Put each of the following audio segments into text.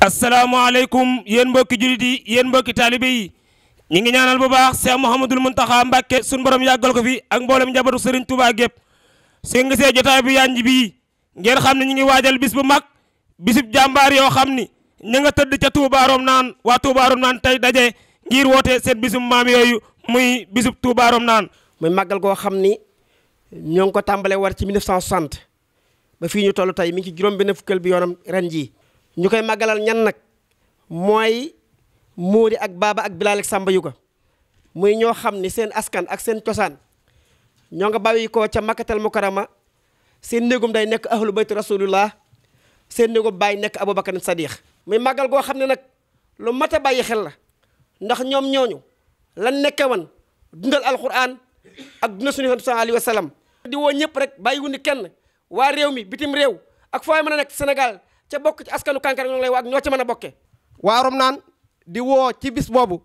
asalaamaaleykum yéen mbokki jullit yi yéen mbokki taalibe yi ñu ngi ñaanal bu baax Cheikh Mouhamadul Mountakha Mbacke suñu borom yàggal ko fi ak mboolem njabootu Serigne Touba gépp su ngeen gisee jotaay bu yànj bii ngeen xam ne ñu ngi waajal bis bu mag bisub jàmbaar yoo xam ni ña nga tëdd ca Touba Romnaan waa Touba naan tey daje ngir woote seen bisub maam yooyu muy bisub Touba Romnaan. muy màggal koo xam ni ñoo ngi ko tàmbalee war ci 1960 ba fii ñu toll tey mi ngi ci juróom benn fukkeel bi yoonam ren jii. ñu koy màggalal ñan nag mooy muudi ak baaba ak bilaal ak sàmba yu ko muy ñoo xam ni seen askan ak seen cosaan ñoo nga bàyyi ko ca makkatal mukarama seen néegum day nekk ahlu baytu rasulullah seen néegum bàyyi nekk abubakar sadiq muy màggal goo xam ne nag lu mat a bàyyi xel la ndax ñoom ñooñu lan nekke woon dundal alquran ak dundal sunna sallallahu alayhi wa sallam di woo ñëpp rek bàyyiwuñu kenn waa réew mi bitim réew ak fooy mën a nekk Sénégal ca bokk ci askanu Kànkar ñoo ngi lay waag ñoo ci a bokke waarom naan di woo ci bis boobu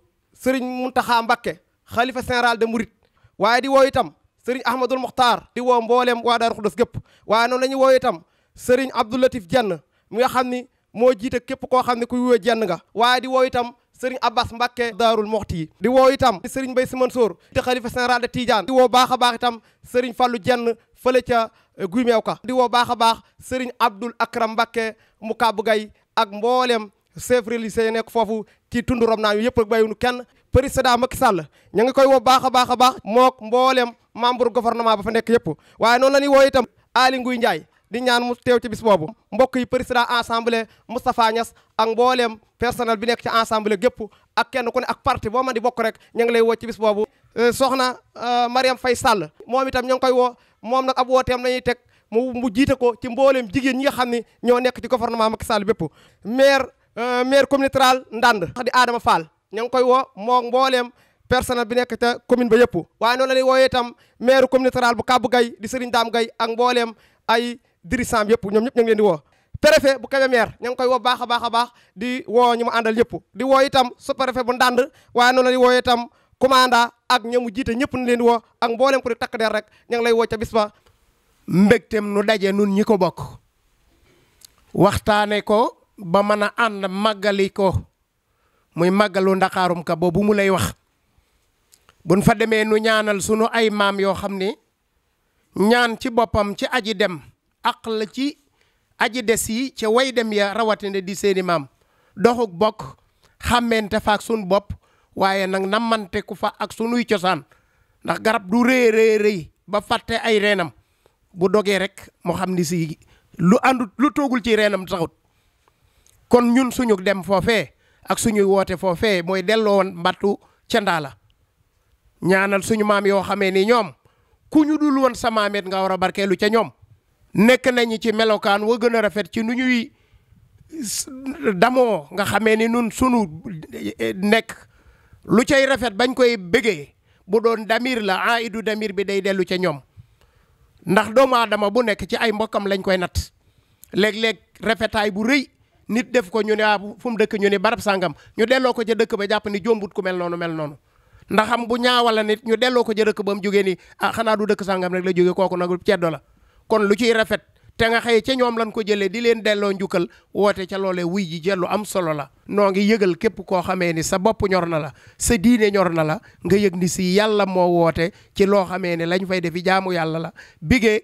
sëriñ Muntaxa Mbakke xalifa général de Mouride waaye di woo itam sëriñ Ahmadul Muxtaar di woo mbooleem waa Daaru Xudus gépp waaye noonu la ñuy woo itam sëriñ Abdoulatif Jenn mi nga xam ni moo jiite képp koo xam ne kuy wuyoo jenn nga waaye di woo itam sëriñ abbas mbàkke daarul moxti yi di woo itam sëriñ bay si mansoor te xalifa général de tidiane di woo baax baax itam sëriñ fàllu jenn fële ca eh, guy meew ka di woo baax a baax sëriñ abdul akram mbàkke mu kàbb gay ak mboolem chef religieux yi nekk foofu ci tund rom naa yu yëpp ak bàyyiwunu kenn président Macky Sall ñu ngi koy woo baax a baax a baax mook mboolem membre gouvernement ba fa nekk yëpp waaye noonu la ni woo itam Aly Ngouille Ndiaye di ñaan mu teew ci bis boobu mbokk yi président assemblée Moustapha Niass ak mbooleem personnel bi nekk ci assemblée gépp ak kenn ku ne ak parti boo ma di bokk rek ñu ngi lay woo ci bis boobu euh, soxna euh, Mariam Faye Sall moom itam ñu ngi koy woo moom na ab wooteem la ñuy teg mu mu jiite ko ci mbooleem jigéen ñi nga xam ne ñoo nekk ci gouvernement Macky Sall bépp maire euh, maire communauté rurale Ndande di Adama Fall ñu ngi koy woo moom mbooleem personnel bi nekk ca commune ba yëpp waaye noonu la ñuy maire communauté rurale bu Kabou Gaye di Serigne Dame Gaye ak mbooleem ay dirigeant yëpp ñoom ñëpp ñu ngi leen di woo préfet bu Kébémer ña ngi koy woo baax a baax a baax di woo ñu mu àndal yëpp di woo itam sous-préfet bu Ndande waaye noonu la di woo itam commandant ak ñamu jiite ñëpp ñu leen di woo ak mboolem ko di takk der rek ña ngi lay woo ca bis ba mbégtem nu daje nun ñi ko bokk waxtaane ko ba mën a ànd màggali ko muy màggalu Ndakaarum ka boobu mu lay wax buñ fa demee nu ñaanal sunu ay maam yoo xam ni ñaan ci boppam ci aji dem ak la ci aji des yi ca way dem ya rawatina di seeni maam doxuk bokk xàmmente fa ak sun bopp waaye nag nammante ku fa ak sunuy cosaan ndax garab du rëy rëy ba fàtte ay reenam bu dogee rek mu xam ni si lu àndut lu toogul ci reenam taxut kon ñun suñu dem foofee ak suñuy woote foofee mooy delloo woon mbattu ca ndaa la ñaanal suñu maam yoo xamee ni ñoom ku ñu dul woon sa maamet nga war a barkeelu ca ñoom nekk nañu ci melokaan wa gën a rafet ci nu ñuy damoo nga xamee ni nun sunu eh, nekk lu cay rafet bañ koy bëggee bu doon damir la du damir bi day dellu ca ñoom ndax doomu aadama bu nekk ci ay mbokkam lañ koy natt léeg-léeg rafetaay bu rëy nit def ko ñu ne ah fu mu dëkk ñu ne barab sàngam ñu delloo ko ca dëkk ba jàpp ni jombut ku mel noonu mel noonu ndax xam bu ñaawala nit ñu delloo ko ca dëkk ba mu jógee ni ah xanaa du dëkk sàngam rek la jógee kooku nag ceddo la kon lu ciy rafet te nga xëye ca ñoom lan ko jëlee di leen delloo njukkal woote ca loole wuy ji jellu am solo la noo ngi yëgal képp koo xamee ni sa bopp ñor na la sa diine ñor na la nga yëg ni si yàlla moo woote ci loo xamee ne lañ fay defi jaamu yàlla la bigee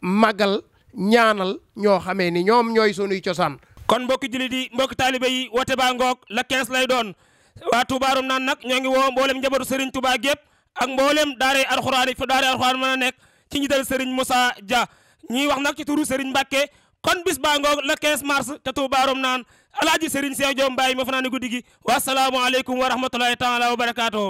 màggal ñaanal ñoo xamee ni ñoom ñooy sunuy cosaan kon mbokki jullit di mbokki taalibe yi woote baa ngoog la 15 lay doon waa tubaarum naan nag ñoo ngi woo mboolem njabootu sëriñ Touba gépp ak ci njiital Serigne Moussa Dia ñuy wax nag ci turu Serigne mbake kon bis baa ngoog le 15 mars te Touba Romnaan alaaji Serigne Cheikh Diop Mbaye ma fanaa ne guddi gi wasalaamualeykum wa rahmatulahi taala wa barakaatu.